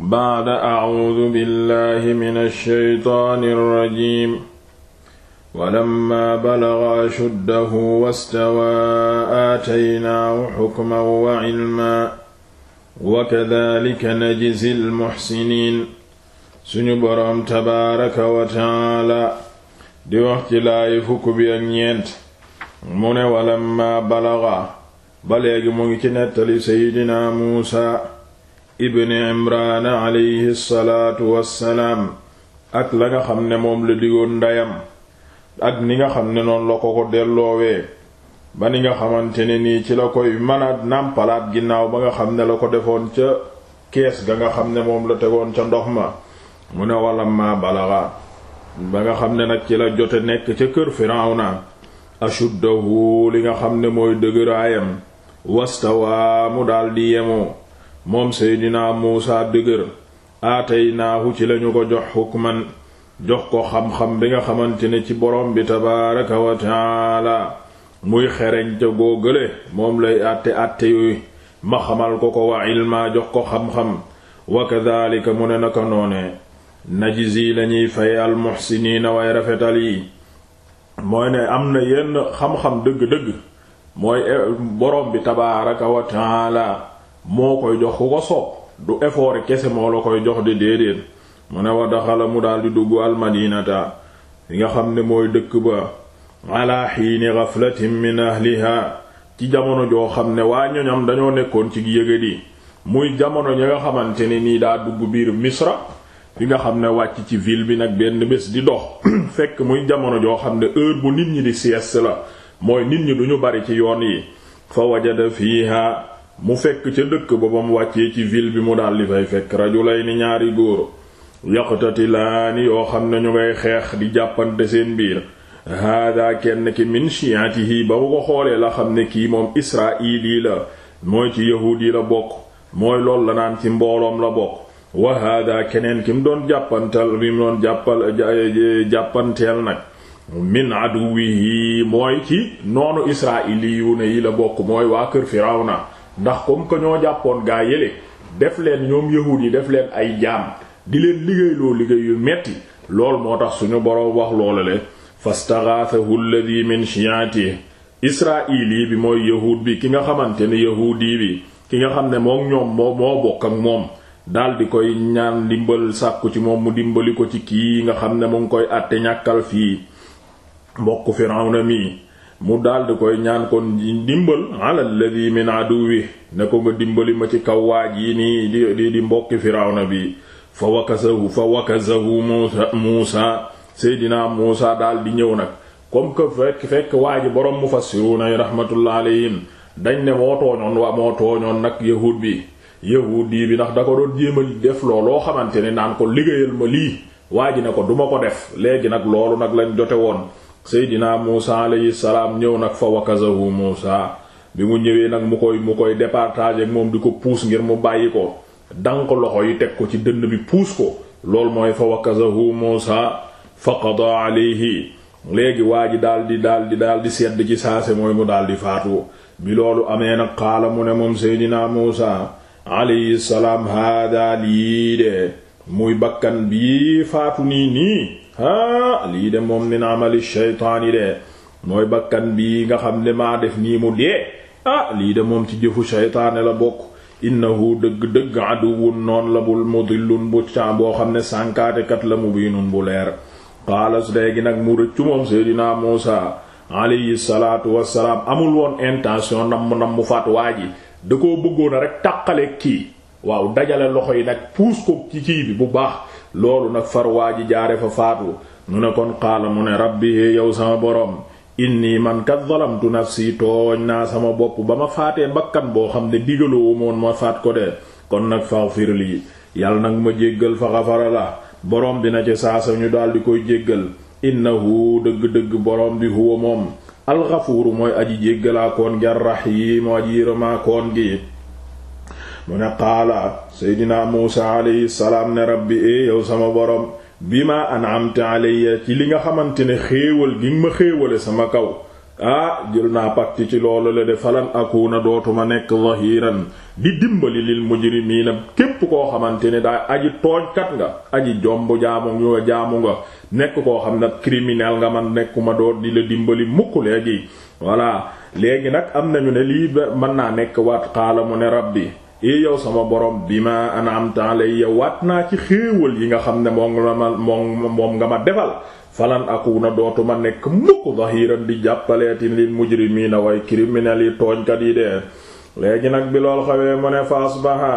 baada acuudu billahi min alsheytaani alrajim walamma balaga ashuddahu wastawaa aataynaahu xukman wa cilmaa wa kadalika najzi almuxsiniin suñu boroom tabaaraka wa tacaala di wax ci laayi fukk bi ak ñeent mu ne walamma balaga ba léegi mu ngi ci nettali seydinaa muusa ibn imraan alayhi ak la nga xam ne moom la digoon ndeyam ak ni nga xam ne noonu la ko ko delloowee ba ni nga xamante ne nii ci la koy mënaat nàmpalaat ginnaaw ba nga xam ne la ko defoon ca kees ga nga xam ne moom la tegoon ca ndox ma mu ne walla ma balaxa ba nga xam ne nag ci la jote nekk ca kër firawna ashuddahu li nga xam ne mooy dëgëraayam wastawaa mu daldi yemoo moom seydinaa muusa dëgër aataynaahu ci lañu ko jox man jox ko xam-xam bi nga xamante ne ci borom bi tabaaraka wa taala muy xereñte goo gële moom lay àtte àtte yu ma xamal ko ko wa ilmaa jox ko xam-xam wa kadhalika mu ne naka noone najzi lañuy fay al muhsiniina way rafetal yi mooy ne am na yenn xam-xam dëgg-dëgg mooy eh, borom bi tabaaraka wa taala moo koy jox ku ko soob du effort kese moo la koy jox di déedéet mu ne wa daxala mu daal di dugg almadinata yi nga xam ne mooy dëkk ba ala xiini gaflatin min ahliha ci jamono joo xam ne waa ñoñam dañoo nekkoon ci yëgadi muy jamono ñi nga xamante ne nii daa dugg biir misra fi nga xam ne wàcc ci ville bi nag benn bés di dox fekk muy jamono joo xam ne heure bu nit ñi di sieste la mooy nit ñi duñu bari ci yoon yi fa wajada fiha mu fekk ca dëkk ba mu wàccee ci ville bi mu daldi fay fekk rajulay ni ñaari góor yaqtatilaani yoo xam ne ñu xeex di jàppante seen biir haada kenn ki min shi'atihi ba mu ko xoolee la xam ne kii moom israili la mooy ci yahuud yi la bokk mooy lool la naan ci mbooloom la bokk wa haada keneen ki mu doon jàppantal bi mu jàppal jàppanteel nag min aduwihi mooy ci noonu israili yu ne yi la bokk mooy waa kër na ndax kom que ñoo jàppoon gaa yële def leen ñoom yahuud yi def leen ay jaam di leen loo liggéey yu metti lool moo tax suñu boroom wax loola le fastagathahu alladhi min shi'ati israili bi mooy yahuud bi ki nga xamante ne yahuudi bi ki nga xam ne moom ñoom moo bokk ak moom daldi koy ñaan dimbal sàkku ci moom mu dimbali ko ci kii nga xam ne mu ngi koy àtte ñàkkal fii mbokk Firawna mi mu daldi koy ñaan ko dimbal ala alladhi min aduwi ne ko nga dimbali ma ci kaw waaj yi nii di di di mbokki firawna bi fa wakasahu fa wakasahu muusa muusa seydinaa muusa daldi ñëw nag comme que fekk fekk waa ji boroom mufassiruna yi rahmatullah alayhim dañ ne moo tooñoon waa moo tooñoon nag yahud bi yahudi bi ndax da ko doon jéemal def looloo xamante ne naan ko liggéeyal ma lii waa ji ne ko duma ko def léegi nag loolu nag lañu jote woon seydinaa muusa alayhi salaam ñëw nag fa wakazahu muusa bi mu ñëwee nag mu koy mu koy départager ak moom di ko puus ngir mu bàyyi ko danq loxo yi teg ko ci dënn bi puus ko loolu mooy fa wakazahu muusa fa qada alayhi léegi waa ji daal di daal di daal di sedd ci saase mooy mu daal di faatu bi loolu amee nag xaala mu ne moom seydinaa muusa alayhi salaam haada lii de muy bakkan bii faatu nii nii ah lii de moom min amali shaytaani de mooy bakkan bii nga xam ne maa def nii mu dee ah lii de moom ci jëfu shaytaane la bokk innahu dëgg-dëgg aduwun noon la bul mudillun bu ca boo xam ne sànkaatekat la mubiinun bu leer xaalas léegi nag mu rëccu moom seydinaa Muusa salaatu wassalaam amul woon intention namm namm faat waa ji da koo bëggoon a rek tàqale kii waaw dajale loxo yi nag puus ko ci kii bi bu baax loolu nag far waa ji jaare fa faatu mu ne kon qaala mu ne rabbi yow sama boroom inni man kat zalamtu nafsi tooñ naa sama bopp ba ma faatee mbakkan boo xam ne digaloo moon ma faat ko de kon nag faghfir lii yàlla nag ma jéggal fa xafara la boroom bi na ci saa sa ñu daldi koy jéggal innahu dëgg-dëgg boroom bi huwa moom alxafuuru mooy aji jéggalaakoon jar rahiim aji yërëmaakoon gi mu ne qaala seydina muusa alayhi salaam ne rabbi e yow sama borom bima an'amta alayya ci li nga xamante ne xéewal gi ma xéewale sama kaw ah jël naa pàtti ci loolu la de falan akuna dootuma nekk zahiran di dimbali lil na képp koo xamante ne daa aji tooñkat nga aji jomb jaamu nga jaamu nga nekk koo xam ne criminel nga man nekkuma doot di la dimbali mukk léegi voilà léegi nag am nañu ne lii mën naa nekk waat xaala mu e yow sama borom bi ma an'amta alayya waat naa ci xéewal yi nga xam ne moom nga ma moom moom nga ma defal falan akuna dootuma nekk mukk zahiran di jàppaleetin lil mujrimiina way criminels yi tooñkat yi dee léegi nag bi lool xawee mu ne fa asbaha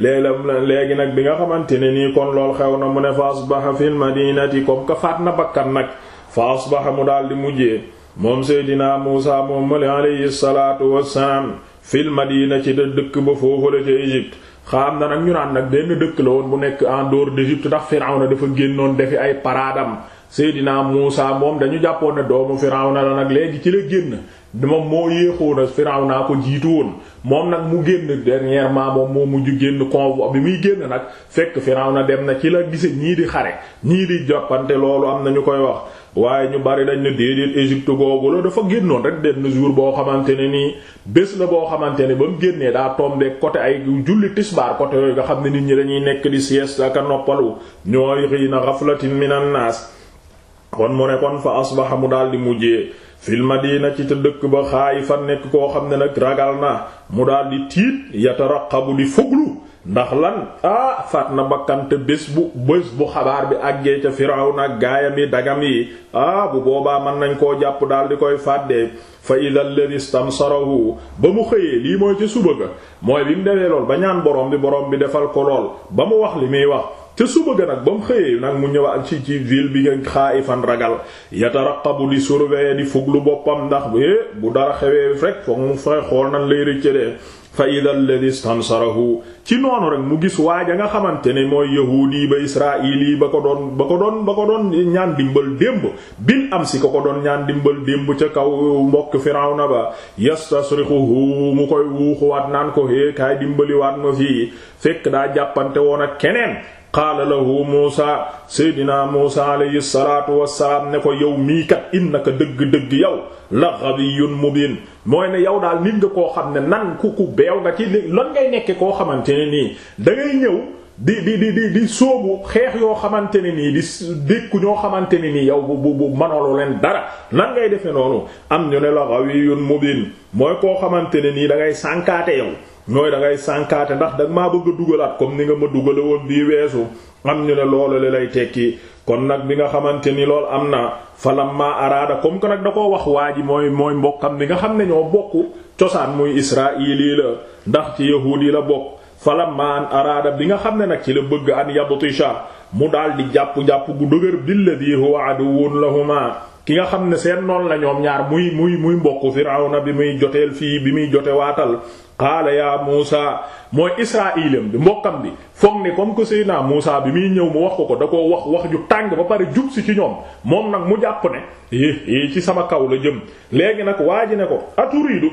léegi nag bi nga xamante ne nii kon lool xew na mu ne fa asbaha a madinati comme que faat na bakkan nag fa ba mu daal di mujjee moom seydinaa Muusaa moom male alayhi salaatu wassalaam fil madina ci da dëkk ba foofu la ca Égypte xam na nag ñu naan nag benn dëkk la woon bu nekk en dehors d'Égypte ndax Firawna dafa génnoon defi ay paraadam Seydina Muusa moom dañu jàppoon ne doomu na la nag léegi ci la génn moom moo yéexoon a Firawna ko jiitu woon moom nag mu génn dernièrement moom moo mujj génn convoi bi muy génn nag fekk na dem na ci la gise ñii di xare ñii di jàppante loolu am na ñu koy wax waaye ñu bari dañ ne déedéet Égypte googu la dafa génnoon rek benn jour boo xamante ne nii bés na boo xamante ne ba mu génnee daa tombé côté ay julli tisbaar côté yooyu nga xam ne nit ñi dañuy nekk di a noppalu ñooy xiina ghaflatin minan kon mu ne kon fa asbaxa mu daal di mujjee fil madina ci te dëkk ba xaayifan nekk koo xam ne nag ragal na mu daal di tiit yataraqabu di fuglu ndax lan ah faat na bakkante bés bu bés bu xabaar bi àggee ca Firawna ak gaayam yi dagam yi ah bu boobaa mën nañ koo jàpp daal di koy fàddee fa ida alladi stamsarahu ba mu xëyee lii mooy ci suba ga mooy bi mu defee lool ba ñaan boroom bi boroom bi defal ko lool ba mu wax li muy wax ca suba ga nag ba mu xëyee nag mu ñëwaat ci ci ville bi nga fan ragal yataraqabu di surveiller di fuglu boppam ndax bu eh, bu dara xewee rek foog mu fay xool nan lay rëcce de fa ida alladi stansarahu ci noonu rek mu gis waaja nga xamante ni mooy yahuudi yi ba israil yi ba ko doon ba ko doon ba ko doon ñaan dimbal démb bil am si ko ko doon ñaan dimbal démb ca kaw mbokk firawna ba yastasrixuhu mu koy wuuxuwaat naan ko hee eh, kaay dimbaliwaat ma fii fekk daa jàppante woon ak keneen qaala lahu Muusa seydinaa Muusa alayhi salaatu wassalaam ne ko yow mii kat innaka dëgg-dëgg yow la ghawiyyun mubiin mooy ne yow daal nit nga koo xam ne nan ku ku beew nga ci lan ngay nekke koo xamante ne nii da ngay ñëw di di di di xeex yoo xamante ne nii di dékku ñoo xamante ni nii yow bu bu bu manolu leen dara nan ngay defe noonu am ñu ne la ghawiyyun mubiin mooy koo xamante ne nii da ngay sànkaate yow mooy dangay ngay sànkaate ndax da maa bëgg a dugalaat comme ni nga ma dugale woon bii weesu am ñu ne loolu li lay tekki kon nag bi nga xamante ni loolu am na falamma araada comme que nag da koo wax waa ji mooy mooy mbokkam bi nga xam ne ñoo bokk cosaan muy israili la ndax ci yahuud la bokk falamaan araada bi nga xam ne nag ci la bëgg an yabtisha mu daal di jàpp-jàpp gu dëgër billadi huwa aduwwun lahuma ki nga xam ne seen noonu la ñoom ñaar muy muy muy mbokk firawna bi muy joteel fii bi muy jote waatal qaala yaa Muusa mooy israilam bi mbokkam bi foog ni comme que Seydina Muusa bi muy ñëw mu wax ko ko da koo wax wax ju tàng ba pare jub si ci ñoom moom nag mu jàpp ne é eh, eh, ci sama kaw la jëm léegi nag waa ji ne ko aturiidu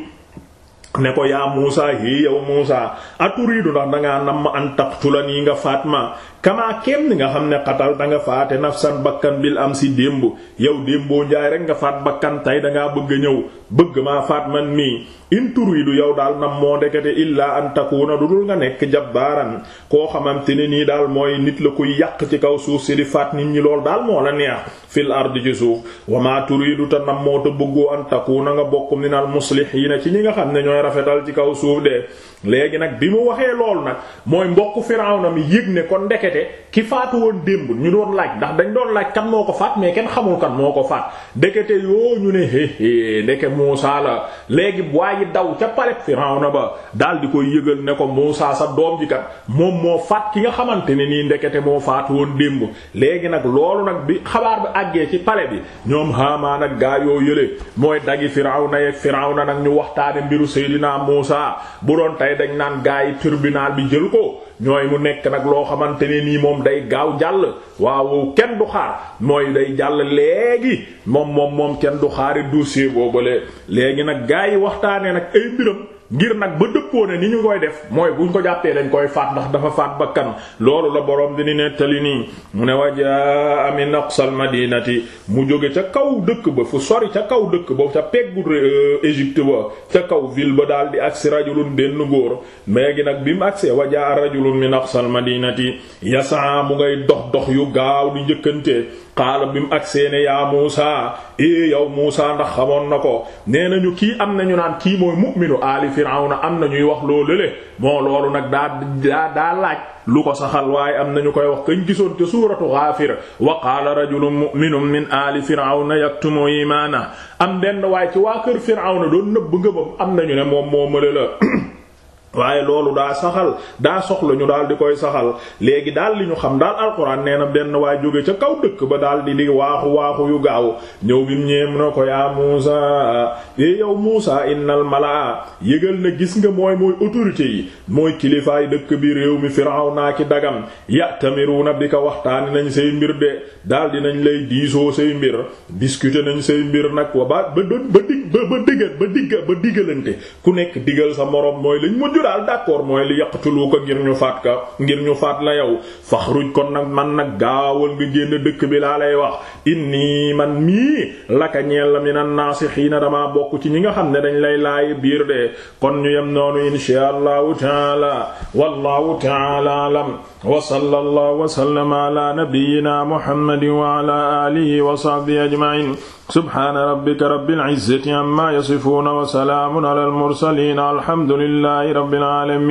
ne ko yaa Muusa hé eh, yow Muusa aturiidu ndax dangaa nam ma an taqtula nii nga faat ma kamaa kem ni nga xam ne xatal danga nga faate nafsan bakkan bil am si démb yow démboo njaay rek nga faat bakkan tey dangaa bëgg ñëw bëgg maa faat man mii in turidu yow daal nam moo ndekete illaa an takuna du dul nga nekk jabbaaran koo xamante ne nii daal mooy nit la koy yàq ci kaw suuf si di faat nit ñi lool daal moo la neex fil ardi ci suuf wama turidu te nam moo te bëggoo an takuna nga bokk minal muslihiina ci ñi nga xam ne ñooy rafetal ci kaw suuf de léegi nag bi mu waxee loolu nag mooy mbokk Firawna mi yëg ne ko ndekete ki faatu woon démb ñu doon laaj ndax dañ doon laaj kan moo ko faat mais kenn xamul kan moo ko faat ndekete yoo ñu ne hé hé ndeke la yi daw ca palais Firawna ba daal di koy yëgal ne ko Muusaa sa doom ji kat moom moo faat ki nga xamante ne nii ndekete moo faat woon démb léegi nag loolu nag bi xabaar bi àggee ci palais bi ñoom Haamaan ak gaa yoo yële mooy dagi Firawna yeeg Firawna nag ñu waxtaane mbiru Seydina Muusaa bu doon tey dañ naan gaa yi tribunal bi jël ko ñooy mu nekk nag loo xamante ne nii moom day gaaw jàll waaw kenn du xaar mooy day jàll léegi moom moom moom kenn du xaari dossier boobale léegi nag gaa yi waxtaanee nag ay mbiram ngir nag ba dëppoo ne ni ñu koy def mooy buñ ko jàppee dañ koy faat ndax dafa faat bakkan loolu la boroom di ni nettali nii mu ne wajaa ami naqsal madinati mu jóge ca kaw dëkk ba fu sori ca kaw dëkk ba ca peggu euh, Égypte ba ca kaw ville ba daal di agsi rajulun benn góor léegi nag bi mu agsee wajaa rajulun min naqsal madinati yasaa mu ngay dox dox yu gaaw di njëkkante qaala bi mu agsee ne yaa Muusa ee eh, yow Muusa ndax xamoon na ko nee nañu kii am nañu naan kii mooy mu'minu aali Firawna am na ñuy wax loolu le bon loolu nag daa daa daa laaj lu ko saxal waaye am nañu koy wax kañ gisoon te suuratu Ghaafir wa qaala rajulun mu'minun min aali Firawna yaktumu iimaana am denn waaye ci waa kër Firawna doon nëbb ngëbam am nañu ne moom moo mële waaye loolu daa saxal daa soxla ñu daal di koy saxal léegi daal li ñu xam daal alxuraan nee na benn waay jóge ca kaw dëkk ba daal di di waaxu waaxu yu gaaw ñëw bi mu ñeem na ko yaa Muusa é e yow Muusa innal malaa yëgal na gis nga mooy mooy autorité yi mooy kilifaay dëkk bi réew mi naa ki dagam bi ko waxtaani nañ say mbir de daal di nañ lay diisoo say mbir discuter nañ say mbir nag wa ba ba ba dig ba ba ba digga ba digalante ku nekk digal ñu daal d'accord mooy li yaqtuluuka ngir ñu faat ka ngir ñu faat la yow faxruj kon nag man nag gaawal nga génn dëkk bi laa lay wax inni man mii laka ñeel la minan naasihiina damaa bokk ci ñi nga xam ne dañ lay laay biir de kon ñu yem noonu inshaa allahu taala wallahu taala alam wa sallallahu wa sallama ala nabiyyina muhammadin wa ala alihi wa sahbihi ajma'in subhana rabbika rabbil izzati amma yasifuna wa salamun ala al mursalin alhamdulillahi rabbil alamin